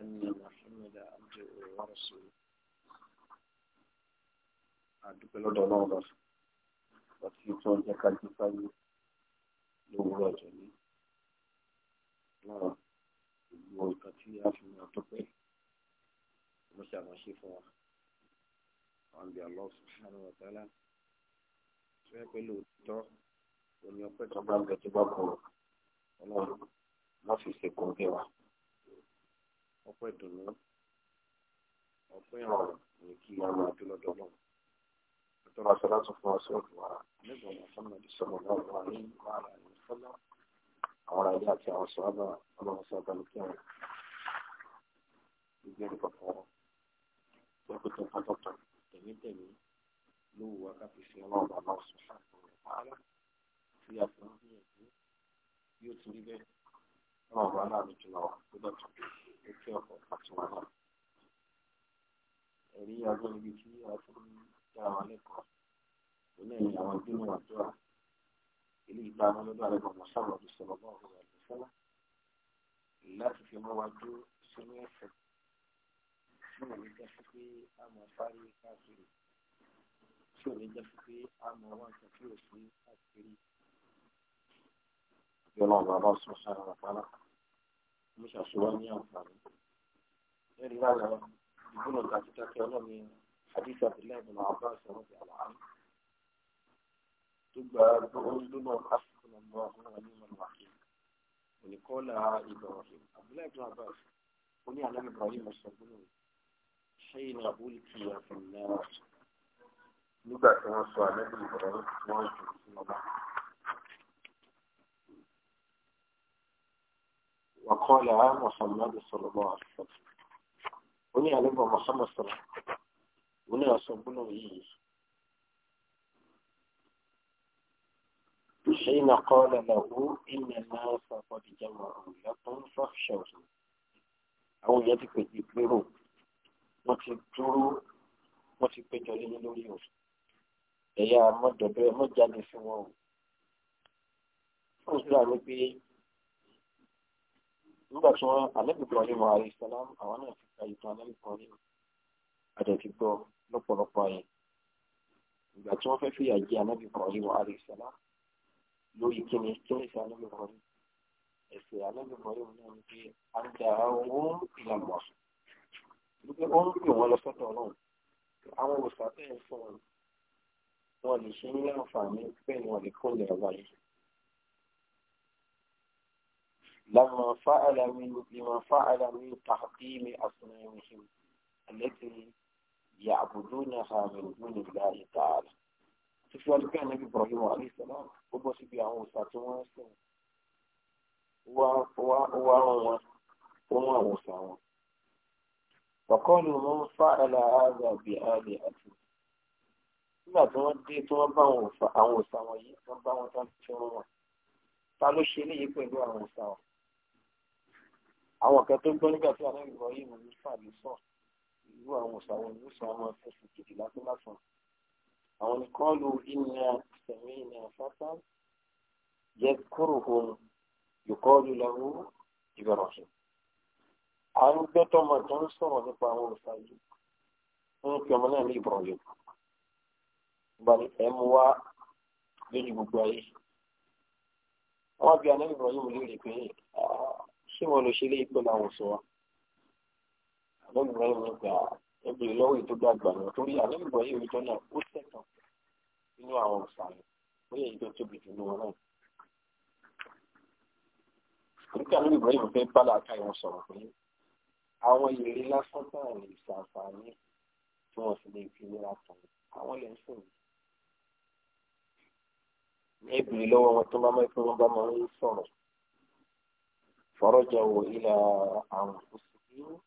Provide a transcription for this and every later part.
أن محمدا عبده ورسوله àdúpẹ́ lọ́dọ̀ ọlọ́run lọ ọtí tó ń jẹ́ ká jí fáyé lówùúrọ̀ ọ̀jọ̀ ní náà gbogbo nǹkan tí a fi máa tó pẹ́ mo subhanahu wa ta'ala tó yẹ pé lóòótọ́ òní ọpẹ́ tó bá ń bẹ tó bá kọ̀ ọlọ́run má fi ṣe kò ń bẹ wa ọpẹ́ ìdùnnú ọpẹ́ ìrọ̀rùn ní kí a máa dúró dọ́nà ọjọ́ máa ṣọlá tún fún ọsẹ òkú ara nígbà wọn sọmọ ìdí sọmọ náà wà ní ìmọ̀ràn àwọn ìfọlá àwọn ará ilé àti àwọn sọ̀rọ̀ ọlọ́run sí abẹ́lé kí wọn gbé ní pọ̀pọ̀ wọn tó kó tó pátọ́tọ̀ tẹ̀mítẹ̀mí lówó wa ká fi fi ọlọ́run bá náà sọ fún ààrẹ tí a fi ń gbìyànjú yóò ti rí bẹ́ẹ̀ ọlọ́run bá náà lójú lọ́wọ́ tó bá tó tó fẹ́ ọ̀pọ̀ pàtó wa náà ẹ̀rí ọdún ibi tí a ti ń dá wa lẹ́kọ̀ọ́ ìpínlẹ̀ ní àwọn ìdúnnú àdúrà ilé ìgbà wọn lọ́dọ̀ àrẹ́bọ̀ mọ̀sáwọ̀ ọdún sọ̀rọ̀ bọ́ ọ̀rọ̀ ẹ̀dùn fẹ́lá láti fi mọ́ wa dúró sínú ẹ̀fẹ̀ tí ò jẹ́ sí pé a mọ̀ sáré káàkiri tí ò jẹ́ sí pé a mọ̀ wá nǹkan tí ò sí káàkiri. Ìjọba ọ̀bà bá sọ sára wà pálá mo ṣàṣewá ní àǹfààní lẹ́rìí lára ìgbónà àti dákẹ́ ọlọ́mi àdìsí àbílẹ̀ ìbùnà àbá ìṣòro ti àwọn àmì tó gba olùdóná àsìkò nàmọ́ àwọn ọmọ ìmọ̀ wákì òníkọ́lá ìbọ̀wọ̀fẹ́ àbílẹ̀ ìbùnà àbá ó ní àlẹ́ ìbọ̀wọ̀fẹ́ mo sọ gbónà ṣé ìnà àbúlé ti àfihàn náà nígbà tí wọ́n sọ àlẹ́ ìbọ̀wọ̀fẹ́ wọ́n jù وقال محمد صلى الله عليه وسلم وني علم محمد صلى الله عليه وسلم وني أصبنا إيه حين قال له إن الناس قد جمعوا لكم فاخشوهم أو يدك يكبروا وتكبروا وتكبروا لنوريهم ẹ̀yà mọ́jọ́dọ́ mọ́jáde fún wọn o. fún nígbà tí wọ́n àlẹ́bí kan nínú ààrẹ ìsàlám àwọn náà ti ka ìtàn àlẹ́bí kan nínú àdẹ̀tí gbọ́ lọ́pọ̀lọpọ̀ ayé ìgbà tí wọ́n fẹ́ fìyà jẹ àlẹ́bí kan nínú ààrẹ lórí kíni kíni sí àlẹ́bí kan nínú ẹ̀sẹ̀ àlẹ́bí kan nínú náà ni pé àǹtà owó ìlànà wípé ó ń pè wọ́n lọ sọ́dọ̀ ọlọ́run àwọn òṣàfẹ́ fún wọn wọn lè ṣe ní láǹfààní bẹ́ẹ̀ ni wọn lè kó ìlera wáyé لما فعل من لما فعل من تحطيم أصنامهم التي يعبدونها من دون الله تعالى شوفوا اللي كان النبي إبراهيم عليه السلام gbogbo síbi àwọn òòṣà tí wọ́n ń sìn wá rán wọn ó rán àwọn òòṣà wọn. ọ̀kọ́ni mo ń fa ẹ̀là ààrẹ àbí ààrẹ àti nígbà tí wọ́n dé tí wọ́n bá àwọn òòṣà wọn yìí wọ́n bá wọn tán fi rán wọn ta ló ṣe eléyìí pẹ̀lú àwọn òòṣà wọn àwọn kan tó ń gbọ́ nígbà tí àwọn ìwọ yìí wọn fà ló sàn irú àwọn òṣàwọn oníṣà máa fẹsẹ̀ kejì lásán lásán àwọn nìkan lu ìnira sẹ̀mí ìnira fátá yẹ kúrò hom yòókọ́ lu lọ́wọ́ ìbẹ̀rọ̀ṣẹ̀. à ń gbọ́ tọmọ tó ń sọ̀rọ̀ nípa àwọn òṣà yìí fún kí ọmọ náà ní ìbọ̀rọ̀ yìí. bani ẹ̀ mú wá lórí gbogbo ayé. wọ́n bí anábìbọ̀ yìí mo lè rí pé ah, ṣé wọn lọ ṣe ilé ìpè láwọn sọ wa àbẹ̀mí lẹ́yìn ìgbà ẹbí lọ́wọ́ ètò gbàgbà náà torí àbẹ̀mí bọ̀ yìí ìjọ náà ó tẹ̀tàn nínú àwọn òṣàlẹ̀ bóyá ìjọ tóbi jù lọ náà. nígbà míì bọ̀ yìí fẹ́ bá làákà ìwọ̀n sọ̀rọ̀ pé àwọn ìrírí lásán náà lè ṣàǹfààní tí wọ́n sì lè fi nira tán àwọn lè ń sìn yìí ẹbí lọ́wọ́ wọn tó máa máa ń sọ̀rọ̀ فرجعوا إلى أنفسهم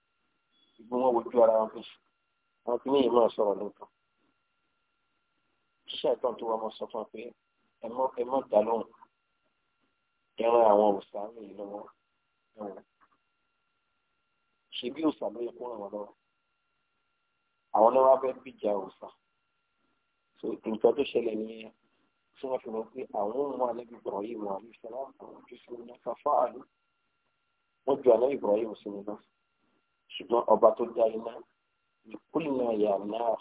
ìgbìmọ̀ wọn wojú ara wọn fèsì àwọn kìíní yìí máa sọ̀rọ̀ lóòótọ́ ṣíṣe àìtàn tó wà mọ́ sọ fún wa pé ẹ mọ́ dá lóhùn ẹ ran àwọn òòsà yìí lọ́wọ́ ṣe bí òòsà ló yẹ kó ràn wọ́n lọ́wọ́ àwọn náà wá fẹ́ẹ́ bìjà òòsà nǹkan tó ṣẹlẹ̀ nìyẹn tí wọ́n fi mọ̀ pé àwọn ohun alẹ́ gbígbọ̀n yìí wọn àbí ìṣẹ̀lẹ̀ àwọn ojú sí ọ̀nà káfáàlú wọ́n ju àná Ibrahim sínú náà ṣùgbọ́n ọba tó dá iná ìkúlìnà yà náà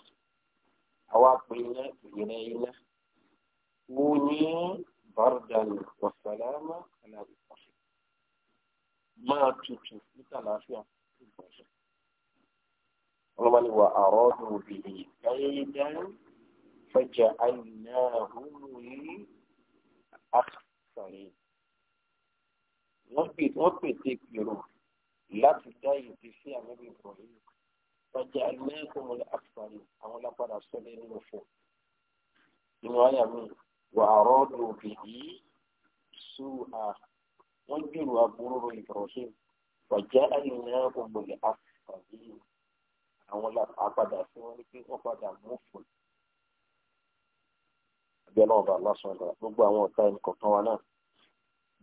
àwa pè iná ìrẹ́ iná wo ní bardan wa salama ala máa tutù níta láàfíà Ibrahim ọlọ́mọ àrọ́dù òbí ẹ̀ẹ́dá fẹjà àìnáhùn ní àkàtàrí wọ́n pè wọ́n pète ìpèrò láti dá ìdí sí àwọn ìbòyí wájà aláìkún wọn àfààní àwọn lápàdà sọlẹ̀ nínú fún nínú àyà mi wà á rọ́ọ̀dù òbí yìí sú à wọ́n gbèrò aburú Ibrahim wájà aláìkún wọn àfààní àwọn lápàdà sí wọn ní pé wọ́n padà mú fún un. àbí ọlọ́run bá lásán gbogbo àwọn ọ̀tá ẹnì kọ̀ọ̀kan wa náà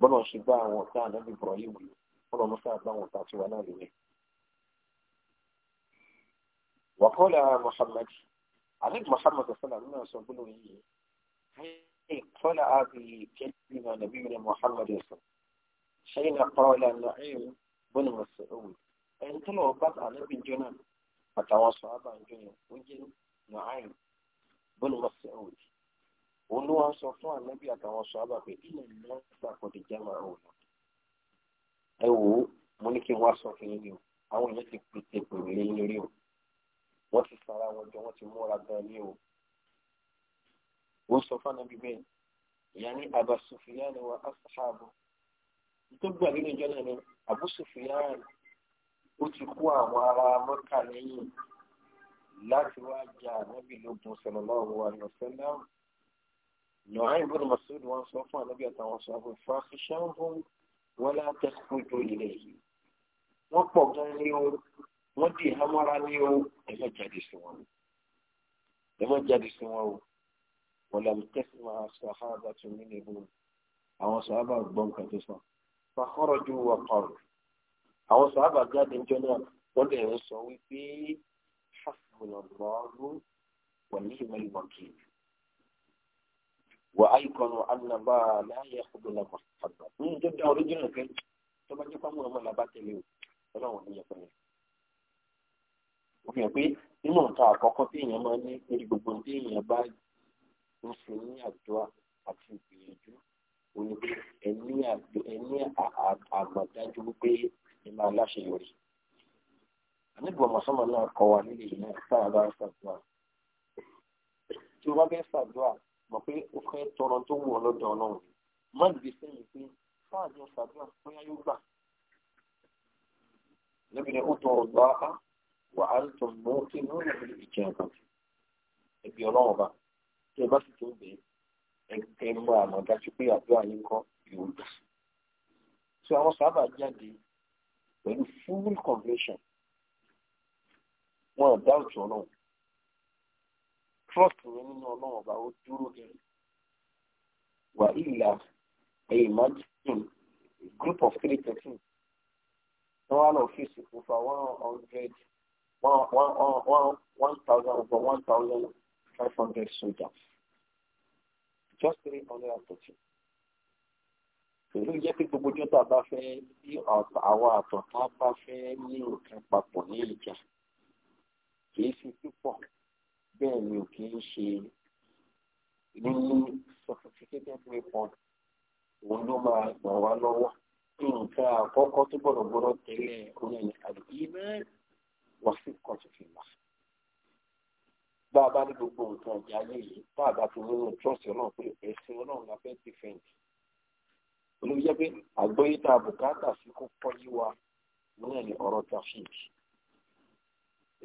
bọ́lá ṣe bá àwọn ọ̀tá ànábì Ibrahim yìí bọ́lá ọmọ sáà bá àwọn ọ̀tá tiwa náà lè ní. wàkọ́lá Muhammad alẹ́ Muhammad sọ́lá nínú ọ̀sán gbọ́dọ̀ yìí قال أبي كلمة نبينا محمد صلى الله عليه وسلم حين قال نعيم بن مسعود أنت لو بدأ نبي جنان فتوصى عن جنان وجن نعيم بن مسعود òun ló wá ń sọ fún ànábì àtàwọn sọ́ábà pé ilẹ̀ náà gbàgbọ́dẹ̀ jẹ́ màá wò ẹ wò ó mo ní kí n sọ fún yín ni o àwọn èèyàn ti pèsè pèrè lé lórí o wọ́n ti sara wọn jọ wọ́n ti múra gan ni o. ó sọ fún ànábì bẹ́ẹ̀ ìyá ní Aba Sufyan wa asahabu tó gbà nínú ìjọ náà ni Abu Sufyan ó ti kó àwọn ará mọ́kà lẹ́yìn láti wá jà ànábì lógun sallallahu alaihi wasallam. نعيم بن مسعود وان صوفا نبي àtàwọn صحابه فاخشاهم ولا تخرجوا إليه wọ́n pọ̀ gan ni o wọ́n di hamara ni o ẹ má jáde sí wọn ẹ má jáde sí wọn o wọ́n làbí tẹ́sí máa sàhábà tún nínú ìbò àwọn sàhábà gbọ́ nǹkan tó sàn fàkọ́rọ̀ ju wà kọ́rọ̀ àwọn sàhábà jáde ń jọ náà wọ́n lè sọ wípé fásitì وأيقنوا أن الله لا يخذل محمدا من تبدأ رجل كن ثم جفا مرمى لبات اليوم فلا ولي يقول ó fi hàn pé nínú nǹkan àkọ́kọ́ tí èèyàn máa ń ní níbi gbogbo tí èèyàn bá ń ṣe ní àdúrà àti ìgbìyànjú ó ní pé ẹni àmọ̀dájú wípé ẹ máa láṣeyọrí. àníbù ọmọsánmọ náà kọ wa nílé yìí náà tá a bá ń ṣàdúrà tí o bá fẹ́ ṣàdúrà mọ̀ pé o fẹ́ tọrọ tó wù ọ lọ́dọ̀ ọlọ́run má dìde sẹ́yìn pé sáàjọ sàdúrà bóyá yóò gbà níbi ni ó tọ ọgbà á wà á tó mú kí ní ó lè fi jẹ ọgbà ẹbí ọlọ́run ọba tí ẹ bá sì tó bẹ ẹ mọ àmọ́ dájú pé àdúrà yín kọ́ yóò gbà tí àwọn sábà jáde pẹ̀lú full conviction wọn ò dáhùn tó ọlọ́run trust yẹn nínú ọlọ́run ọba ó dúró de wà ìlà ẹ̀yìn imagine a group of three person wọ́n wá lọ fèsì fún fa one hundred one one one one thousand over one thousand five hundred soldiers just three hundred and thirty pẹ̀lú jẹ́ pé gbogbo ọjọ́ tá a bá fẹ́ bí àwa a bá fẹ́ ní nǹkan papọ̀ ní ìjà kì í fi púpọ̀ bẹ́ẹ̀ ni ò kì í ṣe ní sophisticated weapon òun ló máa gbà wá lọ́wọ́ nǹkan àkọ́kọ́ tó gbọ́dọ̀ gbọ́dọ̀ tẹ̀lé orin ní àdìgbò wá sí kọ́tù fìlà. bá a bá ní gbogbo nǹkan ìjà ayé yìí bá a bá ti nínú trọ́ọ̀sì ọlọ́run pé ẹ̀sìn ọlọ́run la fẹ́ dìfẹ̀ǹtì. olóyè pé àgbọ́yé tá a bùkátà sí kó pọ́yí wa ní ọ̀rọ̀ tàfíìkì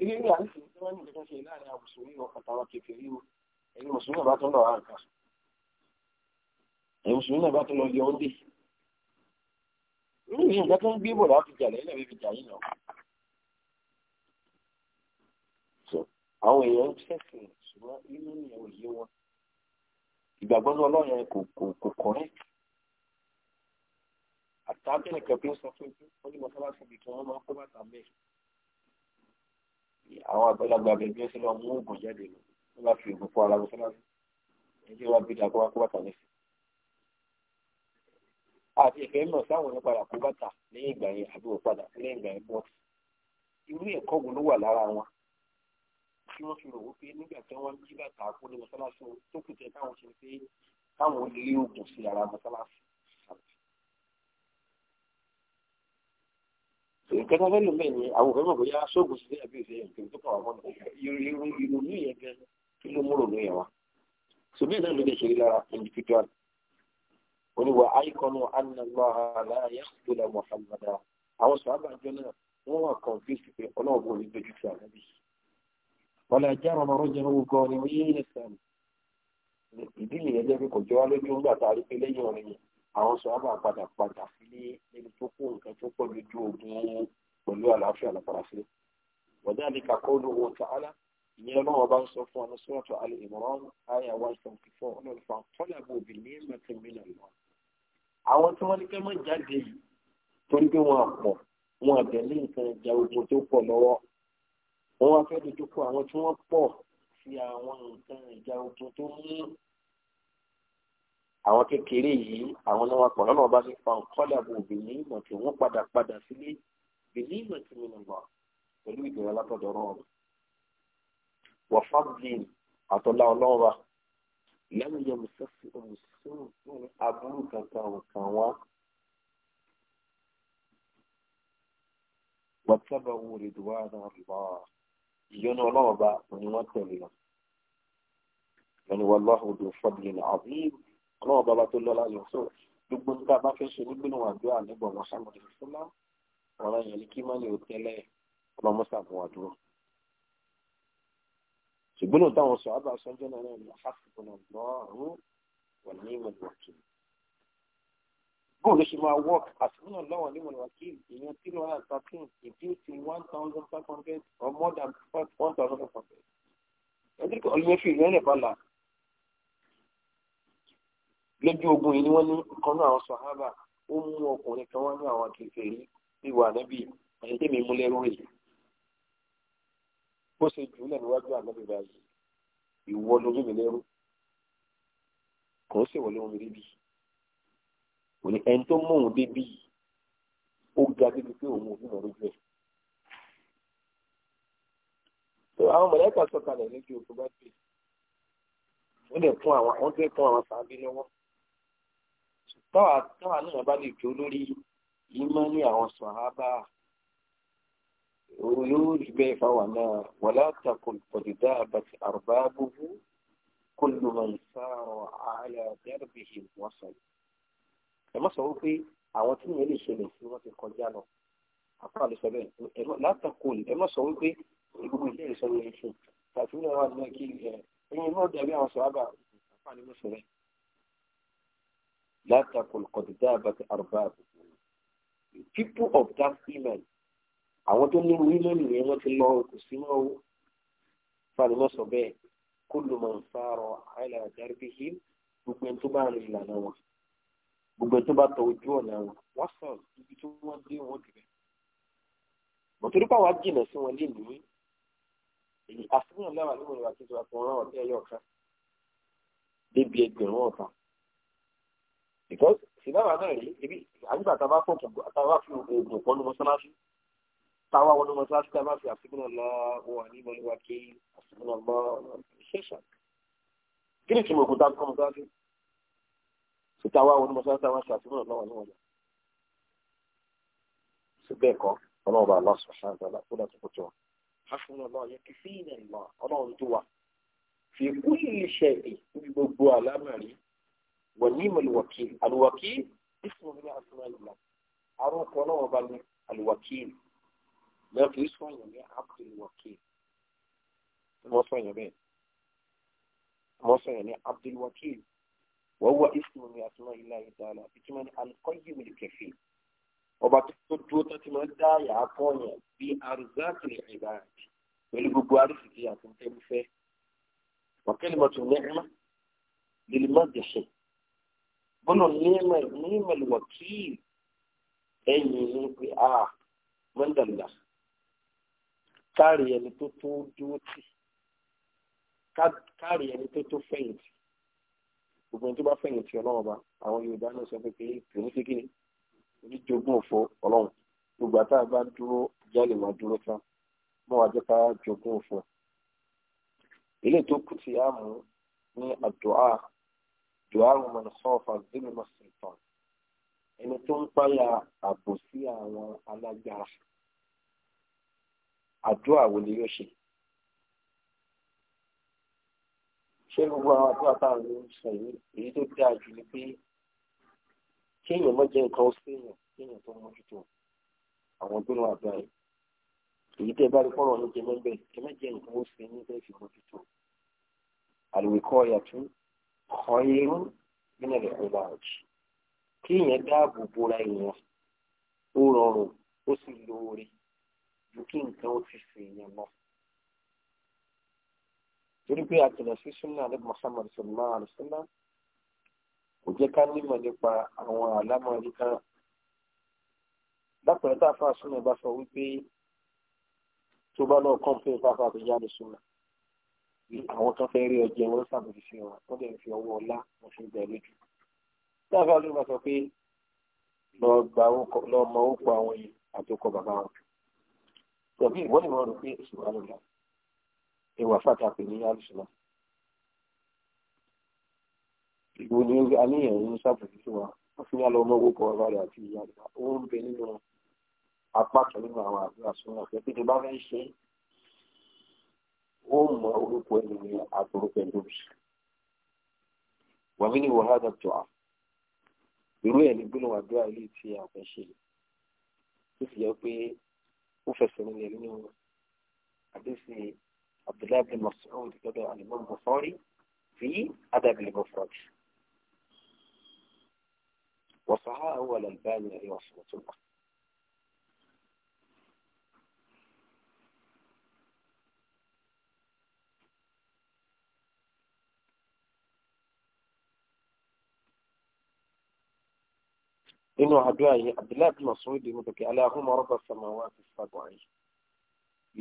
eré ní àlùfẹ́ tí wọ́n ní nǹkan ṣe láàrin àwùjọ ní ọkàn táwọn kékeré o ẹ̀yin mùsùlùmí náà bá tún lọ ra nǹkan ẹ̀yin mùsùlùmí náà bá tún lọ yọ ọ́ dé nínú nǹkan tó ń gbé bọ̀ láti jà lẹ́yìn àbí fi jà yín lọ. àwọn èèyàn ń ṣẹ̀sìn ṣùgbọ́n inú nìyẹn ò yé wọn ìgbàgbọ́ ní ọlọ́run kò kò kò correct àtàkùn nìkan pé ó sọ fún mi ó ní mọ́sálásí ibi tí wọ́n máa kó bàtà mẹ́rin àwọn àgbàlagbà bẹ̀rẹ̀ bí ó ṣe lọ mú oògùn jáde lọ wọ́n bá fi oògùn fún ara wọn sọ́nà ẹjẹ́ wa bí dàgbà wá kó bàtà lẹ́sìn. àti ìfẹ́ mọ̀ sáwọn ní padà kó bàtà lẹ́yìn ìgbà yẹn àbí wọ́n padà lẹ́yìn ìgbà yẹn bọ́ irú ẹ̀kọ́ wo ló wà lára wọn tí wọ́n fi rò wó pé nígbà tí wọ́n jí bàtà kó lé mọ́sálásí tó sí nǹkan fẹ́ lò ni àwọn òfin mọ̀ bóyá ṣóògùn sí àbí ìṣe nǹkan tó kàn wá mọ́nà irun ìrònú yẹn gan kí ló mú rònú yẹn wá. ṣùgbọ́n náà ló lè ṣe lára individual oníwà àìkọ́nù anàlọ́ha aláyà ìpínlẹ̀ Muhammadu àwọn sọ̀rọ̀ àjọ náà wọ́n wà confused pé ọlọ́ọ̀bù ò ní dojú sí àlábì. wọn lè jẹ́ ọmọ ọmọ jẹun àwọn sọ̀rọ̀ àpàdà padà sílé níbi tó kó nǹkan tó pọ̀ lójú ogun pẹ̀lú àlàáfíà lọ́pàá sílé. wọ́n dáàbí kakọ́lù wọn tààlà ìyẹn ọlọ́wọ́ bá ń sọ fún ọ̀nà sọ́ọ̀tọ̀ alẹ́ ìmọ̀ràn àyà one seventy four ọlọ́ọ̀fà tọ́lẹ̀bù bí ní mẹ́tìn mílíọ̀n lọ. àwọn tí wọ́n ní kẹ́ máa jáde yìí torí pé wọ́n pọ̀ wọn àbẹ̀lé nǹkan ìjà ogun tó pọ̀ lọ́wọ́ wọ́n wá fẹ́ dojú kọ àwọn tí wọ́n pọ̀ sí àwọn nǹkan ìjà ogun tó mú àwọn kékeré yìí àwọn náà wà pọ̀ lọ́nà ọba nípa ọ̀kọ́lẹ̀ àbò bìlí ìmọ̀ tí wọ́n padà padà sílé bìlí ìmọ̀ tí mi nàgbà pẹ̀lú ìgbéra látọ̀dọ̀ ọlọ́run wà fábùlìn àtọ́lá ọlọ́run lẹ́nu yẹ mùsọ́sì olùsọ́rùn fún aburú kankan ọ̀kan wa wàtábà wo rèdùwà náà rìbá ìyọnu ọlọ́run ọba òní tẹ̀lé lọ. يعني والله ذو فضل عظيم ọlọ́run bàbá tó lọ́lá yẹn sọ gbogbo tí bàbá fẹ́ ṣe nígbìnà àdúrà nígbà wọn sàmùdì fúnlá ọ̀rọ̀ yẹn ní kí má ní òtẹ́lẹ̀ ọlọ́mọ sàmù àdúrà. ṣùgbọ́n táwọn sọ àbá sọ́jọ́ náà ní àfàkùnà lọ́rùn wà ní ìmọ̀lùwàkì. bóun ló ṣe máa wọ́ọ̀kì àtúnú lọ́wọ́ ní ìmọ̀lùwàkì ìyẹn three hundred and thirteen ìdíyèsí one thousand five hundred or more than one thousand five hundred. ẹ̀dínkù ọ̀lẹ́fì ìyẹn lè bá la lójú ogun yìí ni wọ́n ní kan náà àwọn sọ̀hábà ó mú ọkùnrin kan wá ní àwọn kèfèrí ìwà ànábì ẹni tẹ́mi mú lẹ́rú rẹ̀ bó ṣe jù ú lẹ̀ níwájú ànábì báyìí mi lẹ́rú kò ó débi kò ní ẹni tó mú òun débi ó ga débi pé òun ò bímọ lójú ẹ̀. àwọn mọ̀lẹ́kà ogun bá dé wọ́n lè fún àwọn táwa táwa náà bá lè jó lórí ìmọ̀ ní àwọn sàhábà yóò rí bẹ́ẹ̀ fáwọn náà wàlá takùn pọ̀dídá àbàtì àrùbá gbogbo kólú mọ̀ sáárọ̀ àhàlẹ̀ dẹ́rẹ́bìhì wọ́n sọ yìí. ẹ má sọ wípé àwọn tí yẹn lè ṣẹlẹ̀ sí wọ́n ti kọjá lọ àfáà ló sọ bẹ́ẹ̀ látàkùn ẹ má sọ wípé gbogbo ilé ìsọ̀rọ̀ yẹn ṣe tàbí wọn wà nínú kí ẹ̀yin náà dàbí àwọn sọ لا kọ̀dídá àbàtì àrùbá àbùkù people of that women àwọn tó ní women yẹn wọ́n ti lọ kò sí mọ́ owó fanimọ́ sọ bẹ́ẹ̀ kó ló máa ń fàárọ̀ àìlà àjáríbí yìí gbogbo ẹni tó bá rìn ìlànà wọn gbogbo ẹni tó bá tọ ojú ọ̀nà wọn wọ́n sàn ibi tó wọ́n dé wọ́n dìbẹ̀ mọ̀tòrí pàwọ́ jìnà sí wọn lé nìyí èyí àfihàn láwà nínú ìwà tuntun àti ọ̀ràn ọ̀tẹ́ ẹ̀yọ̀ kan débi ẹgbẹ̀rún ọ̀tàn because ìbáwá náà rí ibi àgbà tá a bá fọkàn tá a bá fi oògùn pọ́nú mọ́sálásí tá a wá wọnú mọ́sálásí tá a bá fi àsìkúnà lọ wọn àní mọ́ni wá kí àsìkúnà lọ ṣẹ̀ṣà kí ni ìtumọ̀ òkúta kọ́ mọ́sálásí sí tá a wá wọnú mọ́sálásí tá a bá fi àsìkúnà lọ wọn níwọ̀n lọ. sí bẹ́ẹ̀ kọ́ ọlọ́run bá aláṣọ ṣáàtàlá kó tó kó tó wa. ونيم الوكيل الوكيل اسم من أسماء الله أروك ولو بل الوكيل ما في اسم يمين عبد الوكيل موصى يمين موصى يمين عبد الوكيل وهو اسم من أسماء الله تعالى بكمان القيم الكفيل وبعد تتمدى يعطوني بأرزاق العباد ولقبوا عرفتي يا كنت وكلمة النعمة للمدح gbọ́dọ̀ nímọ̀ nímọ̀ wọ̀kìlì ẹ̀yìn ní pé a mọ́ndàlá kárí ẹni tó tó dúró tì kárí ẹni tó tó fẹ̀yìntì gbogbo ẹni tó bá fẹ̀yìntì ọlọ́run ọba àwọn yorùbá náà sọ pé pé kìíní sí kìíní oníjogún òfò ọlọ́run gbogbo àtà bá dúró jálè máa dúró tán mọ́ wàá jẹ́ jogún òfò ilé tó kù ti á ní àdúrà dùhàrù mọ̀nà sọ́ọ̀fà zimimọ̀ sultan ẹni tó ń páyà àbòsí àwọn alágbára àdúrà wo ni yóò ṣe. ṣé gbogbo àwọn àdúrà táwọn ló ń sọ yìí èyí tó dáa jù ni pé kí èèyàn mọ̀ jẹ́ nǹkan ó séèyàn kí èèyàn tó mójútó àwọn gbóná àdúrà yìí èyí tẹ́ bá rí fọ́rọ̀ ní jẹ́ mẹ́bẹ̀ẹ́ ẹ má jẹ́ nǹkan ó séèyàn tẹ́ fi mójútó àlùwẹ̀kọ́ ọ̀yà khairun min al-ibad kí èèyàn dáàbò bora èèyàn ó rọrùn ó sì lóore ju kí nǹkan ó ti fi èèyàn lọ. torí pé àtìlẹ̀ sí súnà alẹ́ Muhammad kò jẹ́ ká nímọ̀ nípa àwọn àlámọ̀rí kan. lápẹ̀rẹ̀ tá a àwọn kan fẹ́ rí ọjọ́ wọn sàbòsí sí wọn wọ́n dẹ̀ fi ọwọ́ ọlá wọn fi gbà lójú. dáàbà olóògbé sọ pé lọ gba lọ mọ orúkọ àwọn yìí àti ọkọ bàbá wọn. tọ́bí ìwọ́n ni wọ́n rò pé èsì wà lọ́la ìwà fàtà pè ní alùsùnà. ìgbò ni àníyàn ń sàbòsí sí wọn wọ́n fi ní alọ́ ọmọ orúkọ ọba rẹ̀ àti ìyá rẹ̀ ó ń bẹ nínú apá kan nínú àwọn àdúrà sọ́nà pé pé tó wọ́n mọ orúkọ ènìyàn àtòrúkọ ẹ̀dọ́bì wà mí ní wàhálà tó a irú ẹ̀ ní gbólóhùn àdúrà ilé tí a fẹ́ ṣe tó sì yẹ pé ó fẹsẹ̀ nílẹ̀ nínú àdéhùn abdullahi bin mas'ud lọ́dọ̀ alimọ́ bukhari fi adab al-mufrad wàsáhà àwọn àlàlùbáyà ni ẹ̀rí wàsùn tó wà. nínú àdúrà yìí abdullahi bin masoud ní pẹ̀kẹ́ aláhùn mọ́rọ́bà sàmà wà sí sàbọ̀ ayé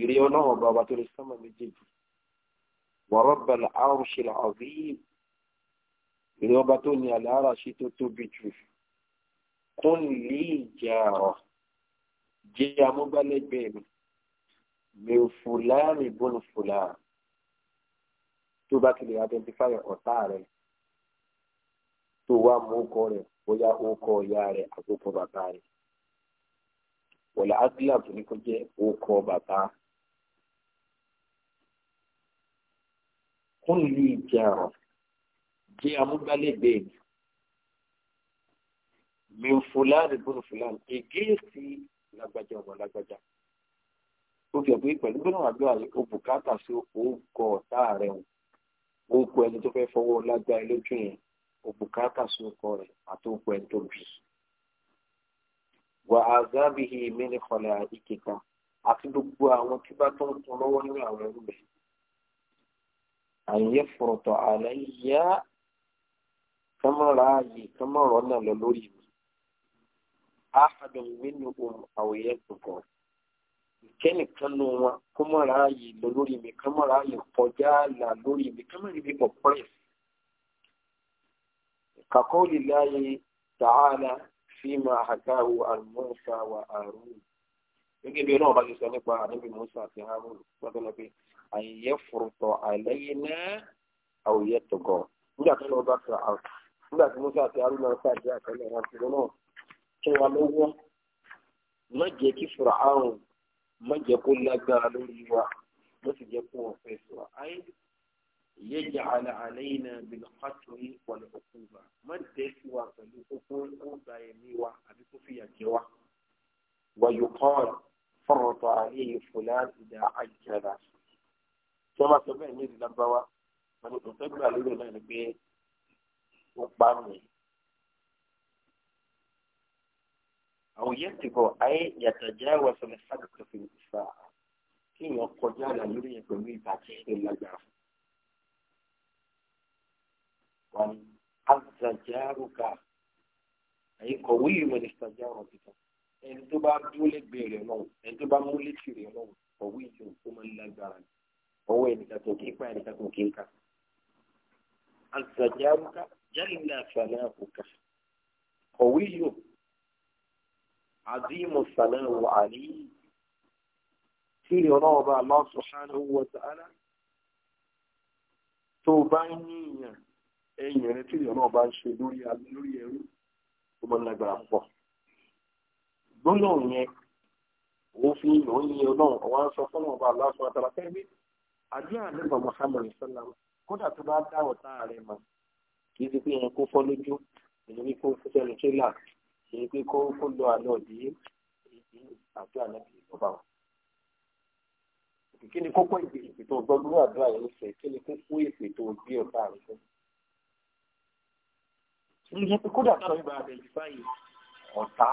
ìrè ọlọ́run bàbá tó lè sàmà méjèèjì wọ́rọ́bà làárùn ṣe làárùn ìrè ọba tó ní àlàárà ṣe tó tóbi jù kún lè jẹ́ àrọ̀ jẹ́ amúgbálẹ́gbẹ̀ẹ́ mi mi ò fòlá mi bọ́nu fòlá tó bá ti lè identify ọ̀tá rẹ̀ tó wá mú ọkọ rẹ̀ bóyá ọkọ ìyá rẹ̀ àkókò bàbá rẹ̀ wọ̀lá ágílà tó ní kó jẹ́ ọkọ bàbá. kún lè jẹrọ jẹ́ amúgbálẹ́gbẹ̀ẹ́ mi mi ò fúláàrí bọ́ọ̀lù fúláàrí ègéèsì lágbájá ọmọ lágbájá ó fi ọ̀pẹ́ pẹ̀lú gbọ́dọ̀ àdúrà rẹ̀ ó bùkátà sí orúkọ ọ̀tá rẹ̀ o orúkọ ẹni tó fẹ́ fọwọ́ lágbá ẹ lójú yẹn òbùkátà sóko rẹ̀ àtòkù ẹ̀ tó bì. wà á gábìhì mẹ́rin kọlẹ̀ àdìkẹta àti gbogbo àwọn tí bá tó ń kun lọ́wọ́ nínú àwọn ẹrú rẹ̀. àyè fọ̀rọ̀tọ̀ àlẹ́ yá kọ́mọ̀rọ̀ ààyè kọ́mọ̀rọ̀ náà lọ lórí mi. áhàdùn nínú ohun àwòyẹ gbogbo ìkẹ́nìkan nù wọn kọ́mọ̀rọ̀ ààyè lọ lórí mi kọ́mọ̀rọ̀ ààyè kọjá là lórí mi kọ́mọ̀rọ̀ ibi pọ̀ pẹ́ẹ́sì. كقول الله تعالى فيما حكاه عن موسى وهارون يجب أن نقول لك سنقع نبي موسى في هارون أن يفرط علينا أو يتقى nígbà tó lọ bá sọ àwọn nígbà tí Musa àti Haruna ṣáàjì àtẹlẹ wọn ti lọ kí wọn lọ́wọ́ má jẹ́ kí Fáráò má jẹ́ kó lágbára lórí wa má sì jẹ́ kó wọn fẹ́ sọ àyè يجعل علينا بالقتل والعقوبة ما الدفوة فلقوبة يميوة أبكفية جوا ويقال فرط عليه فلان إذا عجل كما سمع من الأنبواء من أطبع لنا نبي أقبعني أو يتبع أي يتجاوز الحد في الإساءة كي يقول لنا يريد أن يتجاوز الحد wani azza jaruka ayi qawiyyun man istajara bika ẹni tó bá múlẹ̀ bèrè lọ́wọ́ ẹni tó bá múlẹ̀ tìrè lọ́wọ́ qawiyyun tó máa ń lágbára ni ọwọ́ ẹnìkan tó kí pa ẹnìkan tó kí ká azza jaruka jalla sanahuka qawiyyun azimu sanahu alayhi tìrè ọlọ́wọ́ bá Allah subhanahu wa ta'ala tó bá ń yíyan ẹ̀yìn rẹ tí ìyọ̀ náà bá ń ṣe lórí lórí ẹrú tó mọ́ lágbára pọ̀ gbọ́nà yẹn òun fi ìlú yẹn ọlọ́run ọ̀wá ń sọ fọ́nà ọba aláṣọ àtàlà kẹ́mi àdúrà nípa Muhammad sallam kódà tó bá dá ọ̀tá rẹ̀ mọ̀ kì í ti pé yẹn kó fọ́ lójú èyí ni kó fún sẹ́nu tírélà èyí pé kó kó lọ àlọ́ òdì èyí àdúrà náà kì í lọ́ba wọn. kí ni kókó ìpè tó gbọ́dúrà àdúrà yẹn ń fẹ́ kí ni kókó ìpè tó gbé ọ̀tá rẹ̀ fún níbi kódà tó ń gba àbẹ̀lì báyìí ọ̀tá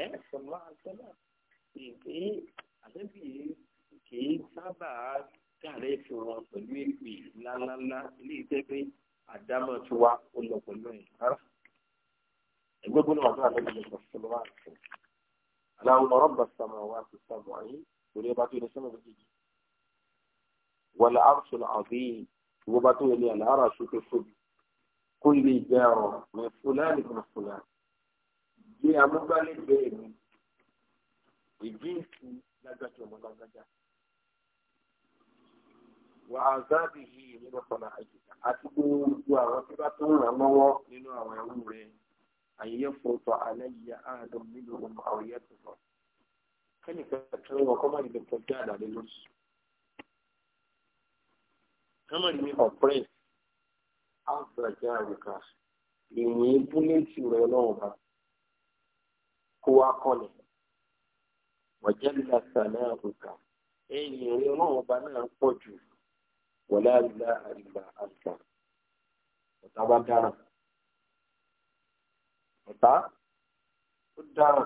ẹ̀ sọ̀rọ̀ àtọ́lá ìpè àdébì kìí sábà dàrẹ́ fi wọn pẹ̀lú èpè ńláńláńlá ilé ìtẹ́gbẹ́ àdámọ̀ tí wá ó lọ pẹ̀lú ẹ̀ rárá ẹgbẹ́ gbọ́dọ̀ wà náà lẹ́yìn lọ́sọ̀ sọ̀rọ̀ àtọ́ aláwọ̀ ọ̀rọ̀ bá sàmà wá sí sàmà yìí lórí ẹbá tó yẹ sọ́mọ̀ méjèèjì wàlẹ̀ àrùsùn àbí ìwọ́bá قل لي جار من فلان بن فلان جي أمبالي بيني يجيك لقاك وملاقاك وعذابه من صناعتك أتقول وعذابة رموة من أعوامره أن يفرط علي أحد منهم أو يكفر كان يكفر وكما يبقى جالا للنص كما يبقى àgbàjá àgbà ìyìn búlẹ̀tì rẹ̀ ọlọ́run bá kó wá kọ́lẹ̀ wọ̀jẹ́lá sàlẹ̀ àgbà ẹ̀yìn rẹ̀ ọlọ́run bá náà pọ̀ jù wọ̀lá àgbà àgbà àgbà ọ̀tá bá dára ọ̀tá ó dára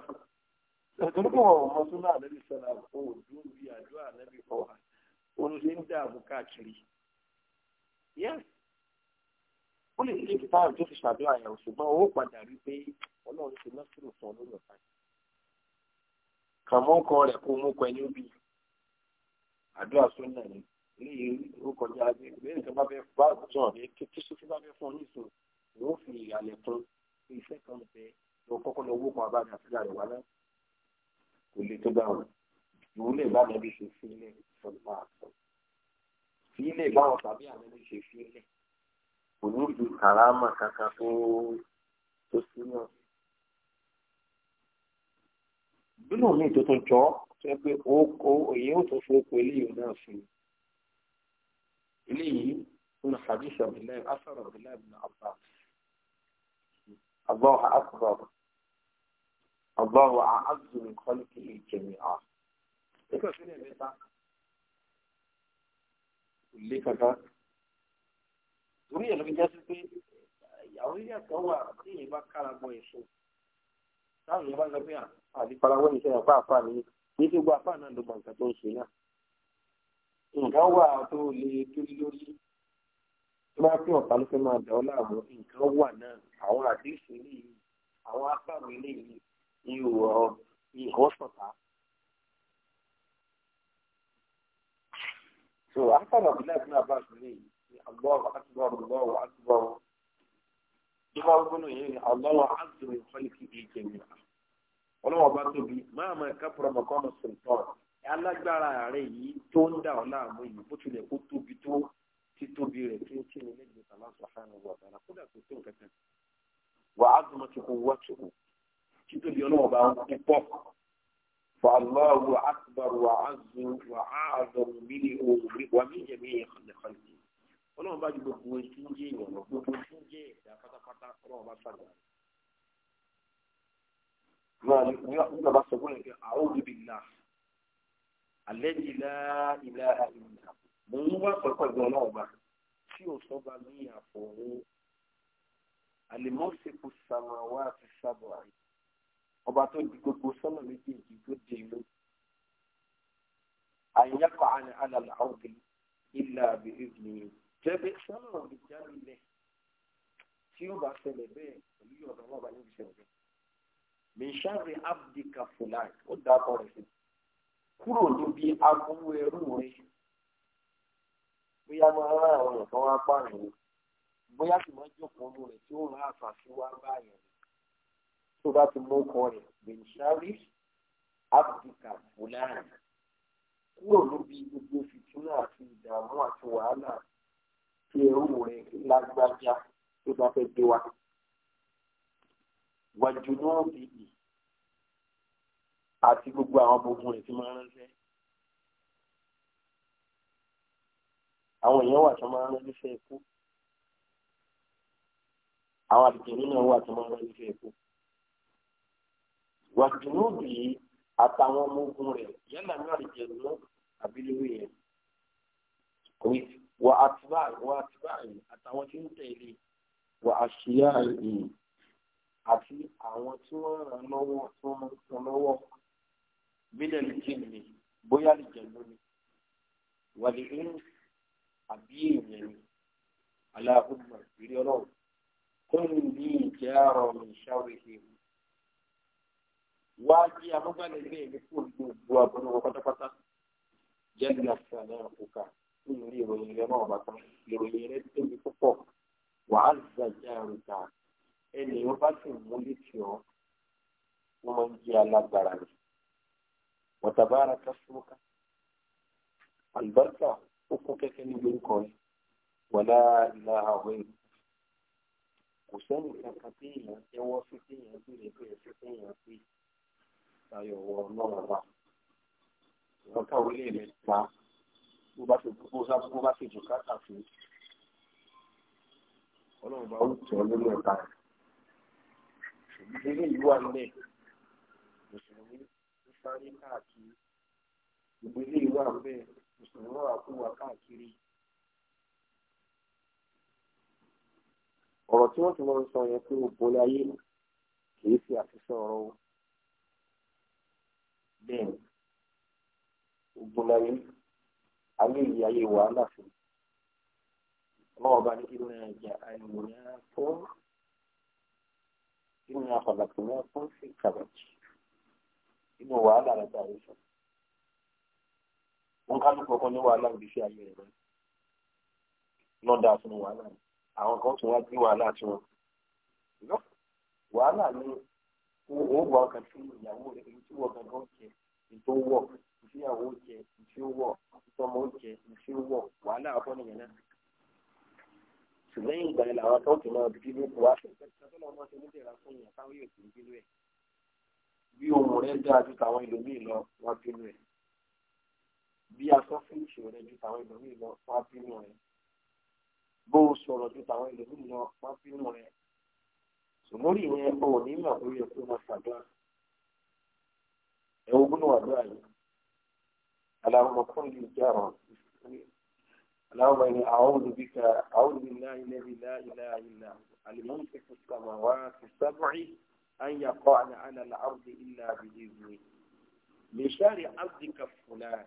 ẹ̀tọ́ ọmọ tó náà lẹ́bi sọ̀rọ̀ àbúkọ́ òdúró bíi àdúrà lẹ́bi kọ́ wa ó ń lé ń dààmú káàkiri yẹ́sì ó lè ṣe ìfipá tó fi ṣàdúrà yẹn ṣùgbọ́n owó padà rí pé ọlọ́run ti lọ́sùrù fún ọ lórí yìí. kàmú ọkọ rẹ̀ kó mú kọ ẹni bí àdúrà sọ́nà ni eléyìí ó kọjá bẹ́ẹ̀ nǹkan bá fẹ́ bá àgùntàn rẹ̀ tí sọ́fí bá fẹ́ fún ọ nìṣó yóò fi ìyàlẹ̀ fún iṣẹ́ kan bẹ lọ kọ́kọ́ lọ owó kan abájà sí àrẹ wa náà kò lè tó bá ìwúlẹ̀ ìbámu ṣe fi ilẹ̀ sọ̀rọ̀ máa sọ ṣe fi kò ní kaka kàrámà kankan tó tó sínú. nínú mi tó tún jọ tó yẹ pé òye ó tún fi oko eléyìí náà sí eléyìí nínú hadith abdullahi asar abdullahi bin abbas allah akbar allah a'azzu min khalqihi jami'a nígbà tó lè mẹ́ta kò torí ẹ̀ ló fi jẹ́ sí pé àwọn ilé ẹ̀kọ́ wà tí èyí bá kára gbọ́ èso táwọn èèyàn bá lọ bí àti parawọ́ iṣẹ́ ẹ̀fọ́ àfa ni ní tí gbogbo àfa náà ló gba nǹkan tó ń ṣe náà nǹkan wà tó lè dúró lórí tó bá pín ọ̀pá ló fẹ́ máa dà ọ́ láàmú nǹkan wà náà àwọn àdéhùn eléyìí àwọn apáàmù eléyìí ihò ọ̀ ihò sọ̀tà. so after abdullahi bin abbas eléyìí Allahu akbar Allahu akbar nípa gbọ́nà yẹn ni Allahu akbar ìfọ́lìkì bíi jẹ̀míà ọlọ́wọ́ bá tóbi máa ma ẹ̀ka pọ̀rọ̀mọ̀kọ́ ọmọ sọ̀tọ̀ alágbára rẹ̀ yìí tó ń dà ọ́ láàmú yìí bó tilẹ̀ kó tóbi tó títóbi rẹ̀ tí ó tí ní lẹ́gbẹ̀ẹ́ tàbá sọ̀hánù wà dára kódà tó tó nǹkan kan wà á dùn ti kó wá tó títóbi ọlọ́wọ́ bá ń kú pọ̀ fàlọ́wọ́ akbar wà á zun wà á àdọ̀rùn mí ni òun wà mí jẹ̀mí ẹ̀kọ́ ọlọ́run bá ju gbogbo etí ń jẹ́ ìrọ̀lọ́ gbogbo etí ń jẹ́ ẹ̀dá pátápátá ọlọ́run bá ṣàgbà. nígbà bá sọ fún ẹ̀kẹ́ àwọn òbí ńlá alẹ́ ti lá ilá ìlà mo ń wá pẹ̀pẹ̀ gan ọlọ́run bá tí ò sọ bá ní àfọ̀wọ́ àlèmọ́sẹ̀kù sàmáwá àti sábọ̀ àyè ọba tó di gbogbo sọ́nà méjèèjì tó di ìlú àyìnyàkọ̀ àlàlà ọ̀gbìn ìlà àbí ìgbìyànjú jẹ́bi sọ́nà ìjánu ilẹ̀ tí ó bá ṣẹlẹ̀ bẹ́ẹ̀ pẹ̀lú ìyọ̀dọ̀ wọn bá ní ìṣẹ̀lẹ̀ bẹ́ẹ̀. mishari abdika fulani ó dákọ̀ rẹ̀ sí kúrò níbi agbowó ẹrú rẹ̀ bóyá máa rán àwọn ọ̀nà kan wá pààrọ̀ ni bóyá sì máa jókòó ọdún rẹ̀ tí ó rán àfàṣí wá báyẹn tó bá ti mú ọkọ rẹ̀ mishari abdika fulani kúrò níbi gbogbo fìtúnà àti ìdààmú àti wàhálà fi ẹrú rẹ lágbájá tó bá fẹ́ gbé wa. wájú náà bí i àti gbogbo àwọn ọmọogun rẹ̀ ti máa ránṣẹ́. àwọn èèyàn wà tó máa ránṣẹ́ ikú. àwọn àdìjẹ́ni náà wà tó máa ránṣẹ́ ikú. wájú náà bí i àtàwọn ọmọogun rẹ̀ yálà ní àdìjẹ́ni náà àbí lórí wà àtibáyì àtàwọn tí ń tẹ̀lé wà àṣeyáyì àti àwọn tí wọ́n ràn lọ́wọ́ tí wọ́n ràn lọ́wọ́ bílẹ̀ lìjìn ni bóyá lìjìn lónìí wà lè ń àbí èèyàn ni aláhùnmá ìrírí ọlọ́run kún bí ìjẹ́ àrọ̀ mi ṣáwé ṣe mú wá jí amúgbálẹ́gbẹ̀ẹ́ mi kúrò gbogbo àbọ̀nà pátápátá jẹ́ nígbà tí náà kó ká tó lórí ìròyìn rẹ náà bàtà ìròyìn rẹ tóbi púpọ̀ wàá gbàjà àrùkà ènìyàn bá sì mú létí ọ wọn máa ń jẹ alágbára rẹ wàtàbára kásúmọká àlùbáríkà ó kún kẹkẹ níbi orúkọ rẹ wàlá ìlà àwọn èrò kò sẹ́ni kankan tí èèyàn jẹ́wọ́ sí tí èèyàn béèrè béèrè sí tí èèyàn pé tayọ̀ wọ ọlọ́run wa ìwọ́n káwọlé rẹ̀ pa á bó bá ṣe bó bá ṣe jù káàkà sí ọlọ́run bá ó tọ́ lórí ọ̀tá rẹ̀ ìdílé ìlú wà nílẹ̀ mùsùlùmí ń sáré káàkiri ìdílé ìlú wà nílẹ̀ mùsùlùmí wà kú wa káàkiri. ọ̀rọ̀ tí wọ́n ti lọ sọ yẹn pé òbólé ayé kì í ṣe ọ̀rọ̀ o bẹ́ẹ̀ òbólé ayé ayé yìí ayé wàhálà fún ọlọ́ọ̀bá ní kí ló ń jẹ àìmọ̀yá fún inú àpàlàkùn náà fún sí kàbàjì inú wàhálà rẹ̀ tàbí sọ wọn kálukú ọkọ ní wàhálà ìbísí ayé rẹ̀ lọ́dà fún wàhálà àwọn kan tún wá bí wàhálà tí wọn wàhálà ni wọn ò wọ ọkàn ìyàwó rẹ̀ èyí tí wọn gangan jẹ ètò wọ ìfíyàwó jẹ ìfíwọ ìfọmọ jẹ ìfíwọ wàhálà ọkọ nìyẹn náà ṣùgbọ́n ìgbà yẹn làwọn tó ń tún náà bí ló kó wá fún un bí ohun rẹ dáa ju tàwọn ẹlòmíì lọ wọn bínú ẹ bí aṣọ fíìsì rẹ ju tàwọn ẹlòmíì lọ wọn bínú ẹ bó o sọ̀rọ̀ ju tàwọn ẹlòmíì lọ wọn bínú ẹ sùmórì yẹn ò ní mọ̀ lórí ẹ̀kọ́ wọn ṣàdúrà ẹ̀ ogún náà wà yìí. اللهم كن لي جارا اللهم إني أعوذ بك أعوذ بالله الذي لا إله إلا هو الممسك السماوات السبع أن يقعن على الأرض إلا بإذنه من شر عبدك فلان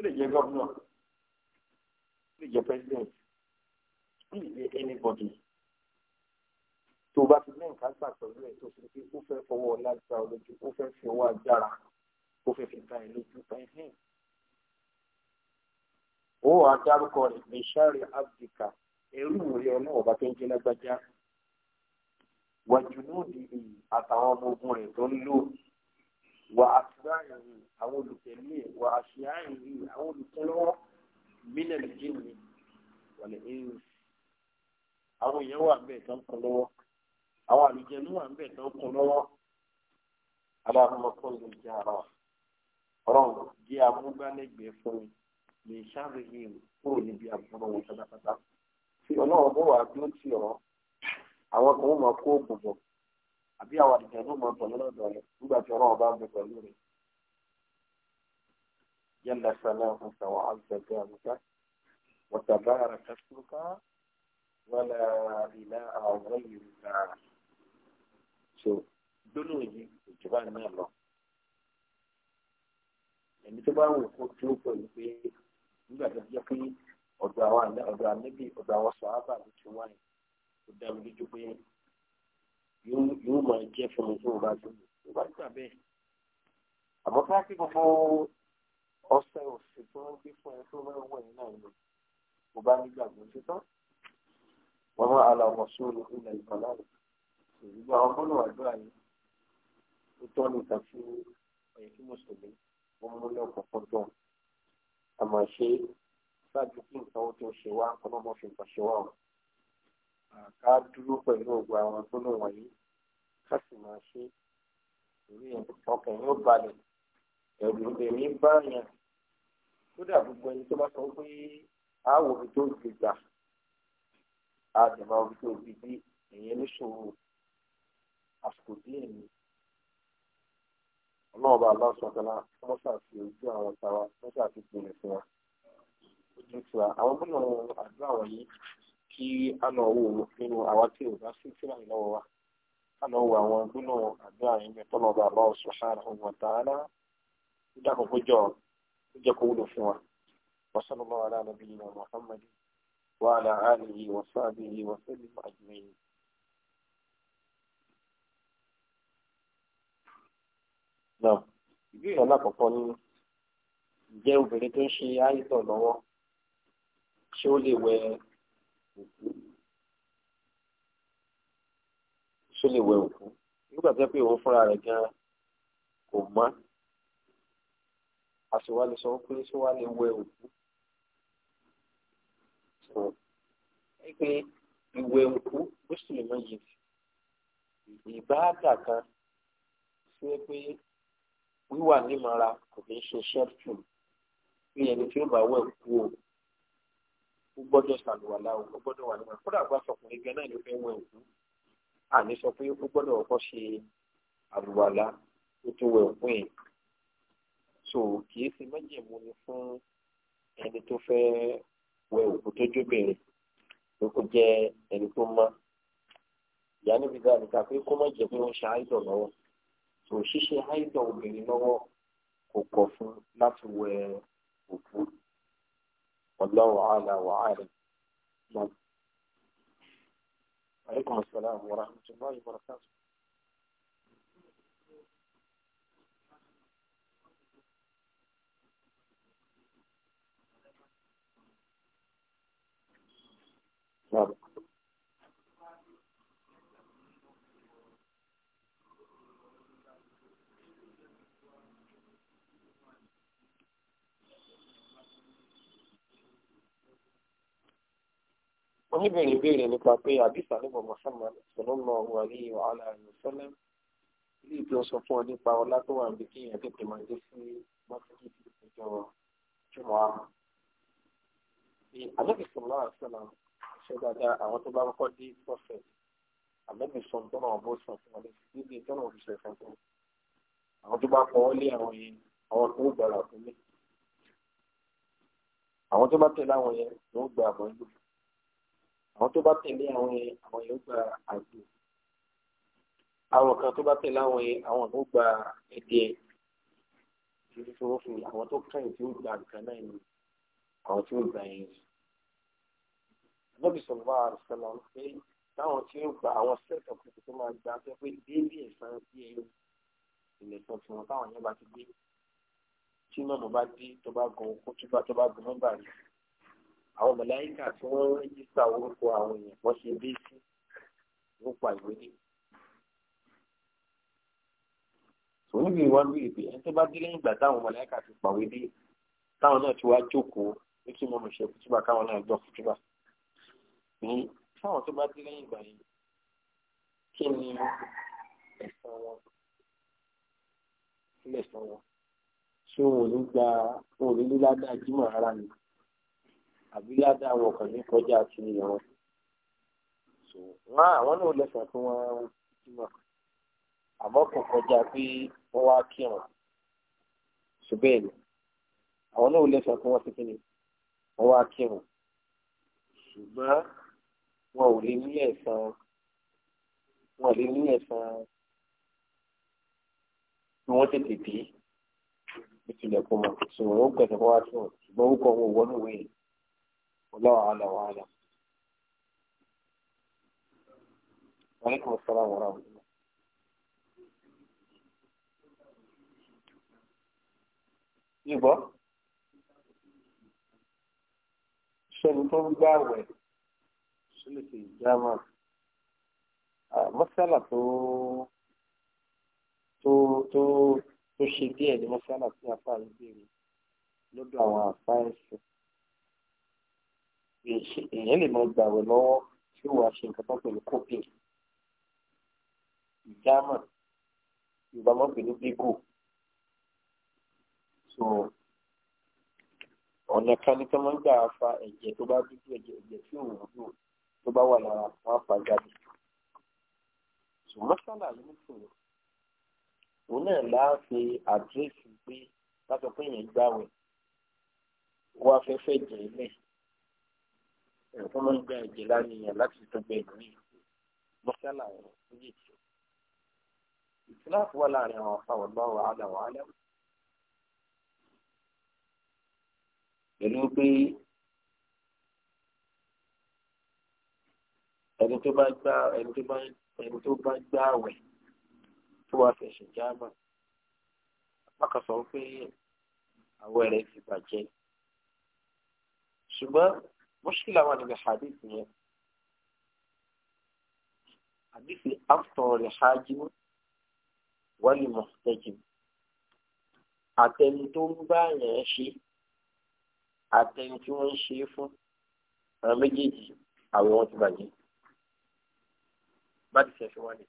إلى جا governor إلى جا president إلى tó o bá ti ní nǹkan ẹ̀ tó fi kí ó fọwọ́ lágbára lójú ó fẹ́ fi owó agbára. kó fẹ́ fi ta ẹ̀ lójú ẹ̀hìn. ó wàá dárúkọ rẹ̀ ní sáré áfíríkà ẹrú ìwòye ọ̀nà ọ̀bá tó ń jẹ́ lágbájá wàjú náà di èyí àtàwọn ọmọ ogun rẹ̀ tó ń lò wà àtúráyìn àwọn olùtẹ̀lé wà àṣìáyìn àwọn olùtẹ̀lọ́wọ́ mílẹ̀ lẹ́jìnnì wà lẹ́yìn àwọn èèyàn wà bẹ́ẹ̀ tó ń kún lọ́wọ́ àwọn àlùjẹ̀nú wà bẹ́ẹ̀ tó ń kún lọ́wọ́ aláàmọ́kọ́ ló ń jẹ́ ara wa ọ̀rọ̀ jẹ́ amúgbálẹ́gbẹ̀ẹ́ fún mi lè ṣáàrì kúrò níbi àbúrò wọn pátápátá tí ọlọ́run bó wàá dúró tì ọ́ àwọn kan ó máa kó oògùn àbí àwọn àdìjẹ́ ló máa bọ̀ lọ́dọ̀ rẹ̀ nígbà tí ọlọ́run bá ń bẹ pẹ̀lú rẹ̀. جل سلامك وعز جامك وتبارك اسمك ولا إله غيرك. So, dulu ini, coba ini Allah ẹ̀mí tó bá wù kó tó pẹ̀lú pé nígbà tó jẹ́ pé ọ̀dọ̀ àwọn ọ̀dọ̀ àmẹ́bí ọ̀dọ̀ àwọn sàábà ló ti wáyé kó dá mi lójú pé yóò máa jẹ́ fún mi tó bá tó tó bá gbà bẹ́ẹ̀. àmọ́ bá kí gbogbo ọ̀sẹ̀ òsì tó ń gbé fún ẹ tó máa ń wẹ̀ náà ni mo bá nígbàgbọ́ títán wọ́n máa ala ọmọ sóòlù ilẹ̀ ìkọlá rẹ̀ ìgbà ọgbọ́n náà àdúrà yìí ó tọ́ nìkan fún ọ̀yẹ́kí mùsùlùmí ó mú lọ́kùnkún dùn àmọ́ ṣe ṣáájú kí nǹkan ó tó ṣe wá ọlọ́mọ fi nǹkan ṣe wá o ká dúró pẹ̀lú ògùn àwọn gbóná wọ̀nyí ká sì máa ṣe ìwé ọkàn yóò balẹ̀ ẹ̀rù ẹ̀mí bá yàn kódà gbogbo ẹni tó bá sọ pé àwọ̀ omi tó gbé gbà omi tó gbé bí ní sòwò àsìkò díẹ̀ ni ọlọ́ọ̀bá aláṣọ̀tẹ́lá wọ́n ṣàfi ojú àwọn tara wọ́n ṣàfi pinnu fún wa. nípa àwọn gbọ́dọ̀ àdúrà wọ̀nyí kí a lọ wo nínú àwa tí ò bá sí tíra ìlọ́wọ́ wa a lọ wo àwọn gbọ́dọ̀ àdúrà yẹn bẹ́ẹ̀ tọ́lọ́ọ̀bá aláṣọ ṣáàrà ọ̀gbọ̀n tààlà ó dàpọ̀ kó jọ ó jẹ́ kó wúlò fún wa. وصلى الله على نبينا محمد وعلى آله وصحبه وسلم أجمعين náà ìbéèrè alákọ̀ọ́kọ́ ní ǹjẹ́ obìnrin tó ń ṣe àìsàn lọ́wọ́ ṣé ó lè wẹ òkú ṣé ó lè wẹ òkú nígbà tó yẹ pé òun fúnra rẹ̀ gan kò mọ́ a sì wá lè sọ pé ṣé wàá lè wẹ òkú ẹ pé ìwẹ̀ òkú mùsùlùmí yìí ìbáàdà kan ṣe pé wíwà nímọ̀ra kò ní ṣe ṣẹ́tù bí ẹni tí ó bá wẹ̀ kú o ó gbọ́dọ̀ ṣàlùwàlá o ó gbọ́dọ̀ wà nímọ̀ra kódà gba sọkùnrin gan náà ló fẹ́ wẹ̀ kú àní sọ pé ó gbọ́dọ̀ ọkọ̀ ṣe àlùwàlá tó tó wẹ̀ kú yẹn so kì í ṣe májẹ̀mú ni fún ẹni tó fẹ́ wẹ̀ òkú tó jóbìnrin pé kó jẹ́ ẹni tó mọ́ ìyá níbi dáa nìkan pé kó má jẹ́ pé wọ́n ṣe àìsàn lọ́wọ́ tó ṣíṣe àìdọ̀ obìnrin lọ́wọ́ kò kọ̀ fún láti wẹ òkú ọlọ́wọ́ àlà wàhálà náà. عليكم السلام ورحمة الله وبركاته نعم oníbèrè béèrè nípa pé àbísà níbọ̀ Muhammad sallallahu alaihi wa alihi wasallam ilé ìjọ sọ fún ọ nípa ọlá tó wà níbi kí èèyàn tètè máa dé sí mọ́sálásí ìjọ jùmọ̀ àmọ́. àlẹ́bí sallallahu alaihi wasallam ṣe dáadáa àwọn tó bá kọ́kọ́ dé sọ́fẹ̀ àlẹ́bí sọ tọ́nà ọ̀bọ sọ fún ọ níbi tọ́nà òṣìṣẹ́ fún ọ. àwọn tó bá àwọn tó bá tẹ̀lé àwọn yẹn àwọn yẹn ó gba àgbò àwọn kan tó bá tẹ̀lé àwọn yẹn àwọn yẹn ó gba ẹ̀dẹ̀ ìdílé tó wọ́n fi àwọn tó kẹ́yìn tí ó gba nǹkan náà ni àwọn tí ó gba yẹn ni. lọ́bì sọ̀rọ̀ bá a sọ̀rọ̀ pé táwọn tí ó gba àwọn sẹ́ẹ̀tọ̀ kùtù tó máa gba pé pé déédéé ìsan bí ẹyọ ilẹ̀ sọ fún táwọn yẹn bá ti dé tí náà bá dé tó bá gan okó tó bá gan nọ́mbà yìí àwọn mọ̀láyíkà tí wọ́n rẹ́jísítà orúkọ àwọn èèyàn wọ́n ṣe bí sí wọ́n pa ìwé ní. sòwò ní ìwà bí ìpè ẹni tó bá dé lẹ́yìn ìgbà táwọn mọ̀láyíkà ti pàwé dé táwọn náà ti wá jókòó ní kí mọ̀mọ̀ ṣe kútúbà káwọn náà gbọ́ kútúbà. ní táwọn tó bá dé lẹ́yìn ìgbà yìí kí ni ẹ̀san wọn sílẹ̀ sọ wọn ṣé òun ò ní gba òun ò ní lílá dájú mọ́ ara mi àbí ládàá àwọn ọkàn ní kọjá ti ní wọn wọn àwọn náà lẹsàn tí wọn jùmọ àmọ́ kò kọjá pé wọn wá kírun ṣùgbọ́n ni àwọn náà lẹsàn tí wọn ti kí ni wọn wá kírun ṣùgbọ́n wọn ò lè ní ẹ̀san wọn ò lè ní ẹ̀san tí wọn tètè dé ìtìlẹ̀kùn mọ ṣùgbọ́n wọn gbẹdẹ wọn wá kírun ṣùgbọ́n wọn kọ wọn wọnú wẹ̀yìn. والله أعلى وأعلم وعليكم السلام ورحمة الله يبا ṣẹ́ni tó ń gbá àwẹ̀ ṣe lè fi ìjámà mọ́sálà tó tó tó tó ṣe díẹ̀ ní mọ́sálà tí a fà ń béèrè lọ́dọ̀ àwọn àfáà ẹ̀sìn èèyàn lè mọ gbà wẹ̀ lọ́wọ́ tí ó wàá ṣe nǹkan tó pẹ̀lú kópìn ìdámà yorùbá mọ̀ pẹ̀lú bígò so ọ̀nà kan ní kí wọ́n gbà fa ẹ̀jẹ̀ tó bá dúdú ẹ̀jẹ̀ ẹ̀jẹ̀ tí ò dùn tó bá wà lára wọn á jáde so mọ́sálà yìí nìkan òun náà láàfin àdírẹ́sì gbé látọ̀ pé èèyàn gbà wẹ̀ wọ́n á fẹ́ jẹ̀ ẹ́ lẹ́yìn ẹ̀fọn máa ń gba ẹ̀jẹ̀ lánìyàn láti tọ́gbẹ́ ìlú mọ́ṣálà ọ̀rọ̀ méjèèjì. ìfúláàfù wà láàrin àwọn afáwọ̀ lọ́wọ́ àdà wàhálà. pẹ̀lú pé ẹni tó bá gbá ẹni tó bá ẹni tó bá gbá àwẹ̀ tó wàá fẹ̀sùn jáàmà apákan pé àwẹ̀ rẹ̀ ti bàjẹ́ ṣùgbọ́n mọ́ṣíkìlà wà níbi hadith yẹn hadith àtọ̀rẹ̀ hajim wal muhtajim àtẹni tó ń bá yẹn ṣe àtẹni tí wọ́n ń ṣe fún àwọn méjèèjì àwọn wọn ti bàjẹ́ bá ti ṣẹ̀ṣẹ̀ wá ní.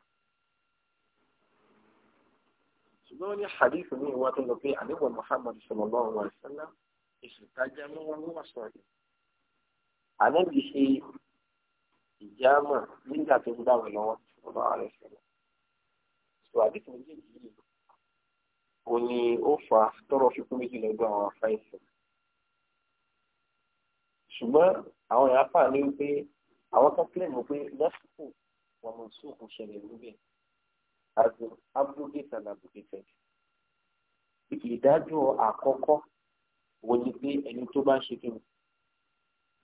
ṣùgbọ́n ní hadith ní ìwà tó lọ pé àníwọ̀ Muhammad sallallahu alaihi wasallam ìṣèkájá mọ́wọ́n wọ́n wà sọ̀rọ̀ yìí ànábì ṣe ìjàmà nígbà tó ń dáwọn lọ́wọ́ ọba ààrẹ sọ̀rọ̀ sọ àdìsí méjèèjì yìí ó ní ó fa tọrọ fikún méjì lọ́dọ̀ àwọn afáìsì ṣùgbọ́n àwọn èèyàn fà ní pé àwọn kan kílẹ̀ mọ̀ pé lásìkò wọn mọ̀ sóòkù ṣẹlẹ̀ níbẹ̀ àti abúlógétà làbùkẹ́tẹ̀ ìdájọ́ àkọ́kọ́ wo ni pé ẹni tó bá ń ṣe kí ni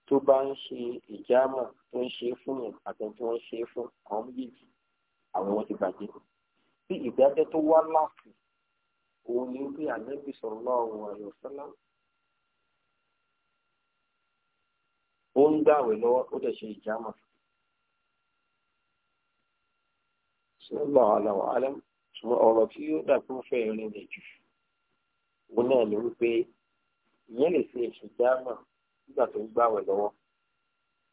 tó bá ń ṣe ìjàmọ̀ tó ń ṣe fún yẹn àti tí wọ́n ṣe fún àwọn méjèèjì àwọn wọn ti bàjẹ́. bí ìdájọ́ tó wá láàfin òun ni bí ànábì sallallahu alaihi wasallam ó ń gbààwẹ̀ lọ́wọ́ ó dẹ̀ ṣe ìjàmọ̀. sallallahu alaihi wa sallam ṣùgbọ́n ọ̀rọ̀ tí yóò dàbí ó fẹ́ rìn rìn jù òun náà ni wípé ìyẹn lè ṣe ìṣèjàmọ̀ nígbà tó ń gbàwẹ̀ lọ́wọ́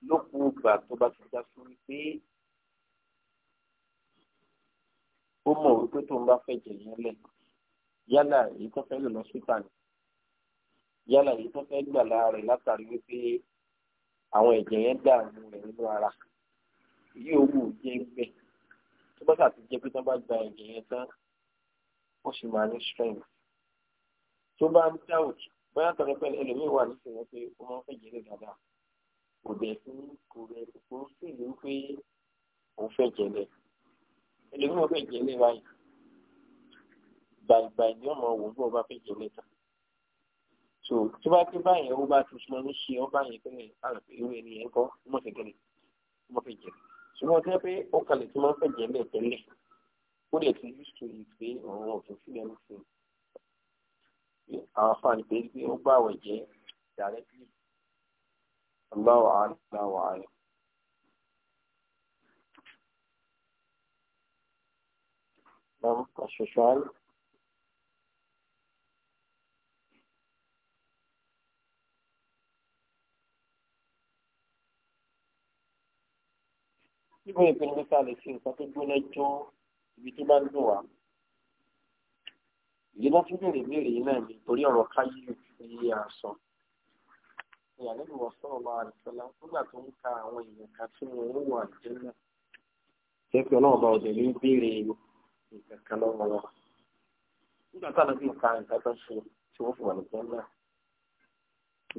lókun ìgbà tó bá ti já sí wípé ó mọ̀ wípé tó ń bá fẹ́ jẹ yẹn lẹ̀ yálà èyí tó fẹ́ lò lọ́sítà ni yálà èyí tó fẹ́ gbà lára rẹ̀ látàrí wípé àwọn ẹ̀jẹ̀ yẹn dààmú rẹ̀ nínú ara yìí owó jẹ́ gbẹ̀ tó bá sàti jẹ́ pé tó bá gba ẹ̀jẹ̀ yẹn tán ó sì máa ní strength tó bá ń dáwọ̀ tù bóyá tọrọ pẹ̀lú ẹlòmíì wà nísìnyí pé ó máa ń fẹ́ jẹ́rẹ̀ dáadáa kò dẹ̀ sí kò rẹ̀ kò sí ìlú pé òun fẹ́ jẹ́lẹ̀ ẹlòmíì wọ́n fẹ́ jẹ́lẹ̀ báyìí gbàgbà ìdí ọmọ wò ó bó bá fẹ́ jẹ́lẹ̀ tán so tí wọ́n ti báyìí ó bá ti sọ ní ṣe ọ́ báyìí pé irú ènìyàn kọ́ mọ̀ mọ̀ fẹ́ ó kalẹ̀ fẹ́ jẹ́lẹ̀ àwọn afáàní pé pé ó gbà wẹ̀ jẹ́ directly Allahu Allahu àlọ́. Vamos a social. Níbo ìpinnu mẹ́ta lè fi nǹkan tó gbóná jó ibi tó bá ń dùn wá ìdí bá tún béèrè ìbéèrè yìí náà ni torí ọ̀rọ̀ káyé ní àṣọ ìyàlẹ́nu ọ̀sán ọba àdìsọ́lá nígbà tó ń ka àwọn èèyàn kan tí wọn ń wà jẹ́ náà jẹ́ pé ọlọ́run bá ọ̀dẹ̀ ní béèrè nǹkan kan lọ́wọ́ wọn nígbà táwọn bí nǹkan nǹkan tó ń ṣe tí wọ́n fi wà ní náà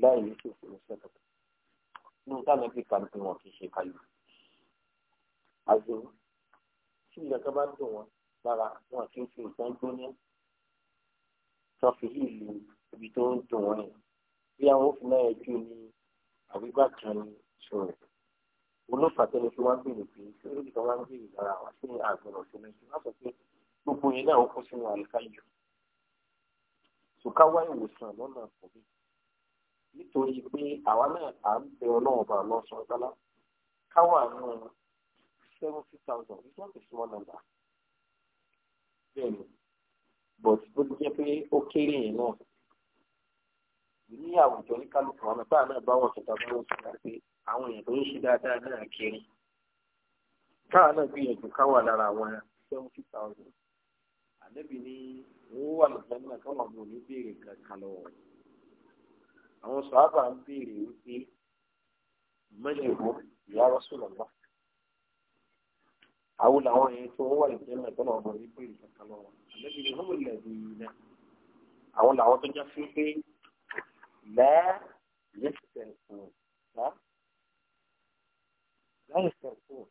báyìí ní kí òfin ṣe tó nínú táwọn bí kan tí wọn kì í ṣe káyọ̀ àgbẹ̀wò tí ìyàkọ́ bá dùn wọn lára wọn kì í fi nǹkan gbóná tó fi yí ìlú ibi tó ń dùn wọn yìí bí àwọn òfin náà ẹjú ni àwígbà kan ní ìṣòro olófà tẹni tí wọn béèrè pé lórí ìtàn wọn béèrè lára wa sí àgbọn ọ̀sẹ̀ méjì wọn sọ pé gbogbo yẹn náà ó kó sínú àlùkáyò ṣùkáwá ìwòsàn lọ́nà àkọ́bí nítorí pé àwa náà à ń bẹ ọlọ́run bá lọ́sọ̀ ọ̀dọ́lá káwá nù seventy thousand is not a small number bẹ́ẹ̀ ni. but bụ ti jẹ́ pé ó kéré yẹn náà ní àwùjọ ní kálukú àwọn bàbá náà bá wọn sọta bá wọn sọta pé àwọn èèyàn tó ń ṣe dáadáa náà kéré káà náà gbìyànjú ya lára àwọn seventy thousand àdébì ní owó wà lọ́sẹ̀ náà káwọn ọmọ mi béèrè kankan lọ́wọ́ àwọn ń àwọn làwọn yẹn tó wà ìjẹ́ náà tọ́lọ̀ ọmọ yìí pé ìkankan lọ́wọ́ àlẹ́bí ni wọ́n lè di iná àwọn làwọn tó já sí pé lẹ́ẹ̀ lẹ́sẹ̀ fún un láìsẹ̀ fún un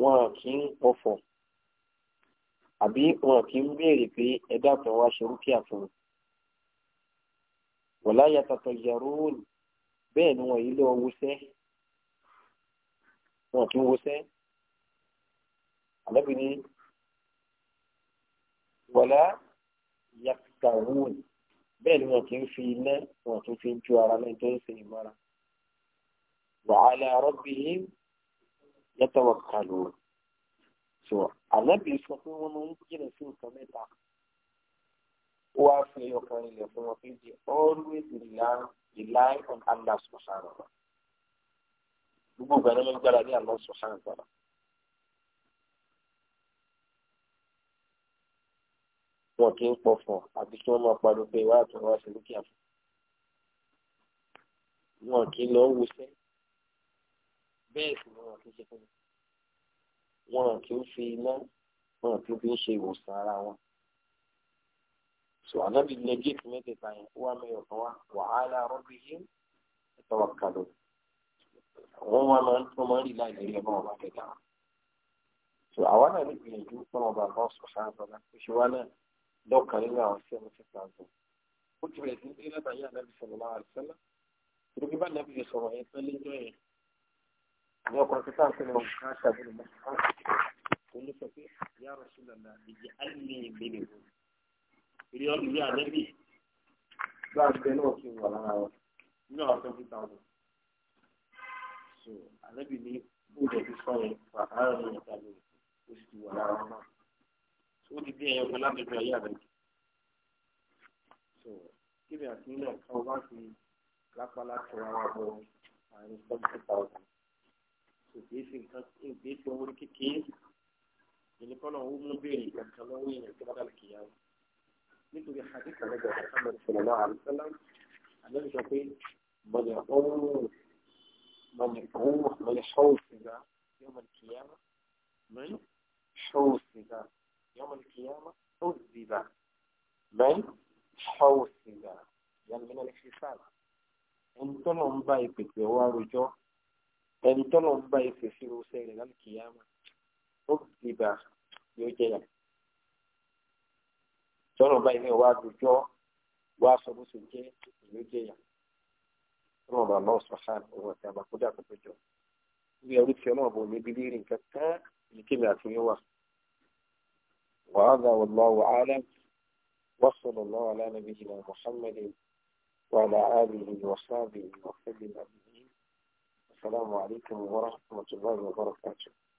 wọn kì í ọ̀fọ̀ àbí wọn kì í béèrè pé ẹ̀dá kan wá ṣe rúkìá fún un wọ́n láyà tàtà yàrá bẹ́ẹ̀ ni wọ́n yìí lọ́ọ́ wọṣẹ́ wọn kì í wọṣẹ́ àlẹ́bí ní wọlé yàtà wúni bẹ́ẹ̀ ni wọn kì í fi iná wọn kì í fi ju ara náà tó ń ṣe ìmọ́ra wàhálà rọ́bì yìí yàtọ̀ wọ̀ kàlù so àlẹ́bí sọ pé wọ́n máa ń jìnnà sí nǹkan mẹ́ta ó wá fi ọkàn ilẹ̀ fún wọn pé they always rely, rely on Allah subhanahu wa ta'ala gbogbo ìgbà náà ló gbára ní Allah subhanahu wọn kì í pọ̀ fún ọ àbí kí wọ́n máa pariwo pé ìwà àtúnwá wá sí dúkìá fún wọn kì í lọ wọṣẹ́ bẹ́ẹ̀ sì ni wọn kì í ṣe fún mi wọn kì í fi iná wọn kì í fi ń ṣe ìwòsàn ara wọn sọ ànábì nẹgẹtì mẹ́tẹ̀ẹ̀ta yẹn ó wà mẹyọ kan wá wàhálà rọbì yìí ẹtọ wà kàlọ àwọn wọn máa ń tó máa ń rí láì lérí ọmọ ọba kẹta sọ àwa náà lè gbìyànjú fún ọba kan sọ sáà bọlá oṣù wa náà dọ́kan nínú àwọn sí ọmọ síta àgbọ̀ ó ti bẹ̀rẹ̀ sí ní látàrí ànábì sọ̀rọ̀ máa rẹ̀ sẹ́lá ìdókè bá ànábì yẹn sọ̀rọ̀ yẹn pẹ́lẹ́ jọ yẹn àwọn ọkùnrin tó sáà sọ̀rọ̀ ká ṣàbẹ̀rẹ̀ mọ́ òun sọ pé ìyá rẹ̀ sọ̀rọ̀ náà ìdí àìní ìgbéni wọn ìrí ọlùwẹ̀ ànábì bá a bẹ náà kí n wà lára wọn nínú àwọn twenty thousand so ànábì ní bóòdù ọ̀fíìsì ó ti bí ẹyọ kan láti fi ayé àbẹ̀jù. so kíbi àti nílẹ̀ kan wá sí lápá láti ra wa bọ àárín seventy thousand kò kìí sí nǹkan kìí sí owó kékeré ìní kọ́nà owó mú béèrè kankan lọ́wọ́ èèyàn tó bá dà kìí yàwó nítorí hadith àlejò àtàlọ́ ìṣẹ̀lẹ̀ àlùsọ́lá àlejò sọ pé mọ̀lẹ̀ ọ̀hún mọ̀lẹ̀ ọ̀hún mọ̀lẹ̀ ṣọ́ọ̀ṣì ga yọ̀mọ̀lẹ̀ kìí yàwó mọ̀lẹ̀ ṣọ́ọ̀ṣì ga. يوم القيامة عذب من حوسب يعني من الانفصال ẹni tó lọ ń bá ìpèpè wá rojọ́ ẹni tó lọ ń bá ìpèsè rosẹ́ rẹ̀ lálùkìyàmà ó dìbà yóò jẹyà tọ́lọ̀ bá ilé wa rojọ́ wá sọ bó ṣe jẹ́ yóò jẹyà tọ́lọ̀ bá lọ́wọ́ sọ̀sán ọ̀rọ̀ tí a bá kó dà kó péjọ. ìwé orí ti ọlọ́run bò ní bíbí rìn kankan ní kébì àti yín wà. وهذا والله أعلم وصلى الله على نبينا محمد وعلى آله وصحبه وسلم السلام عليكم ورحمة الله وبركاته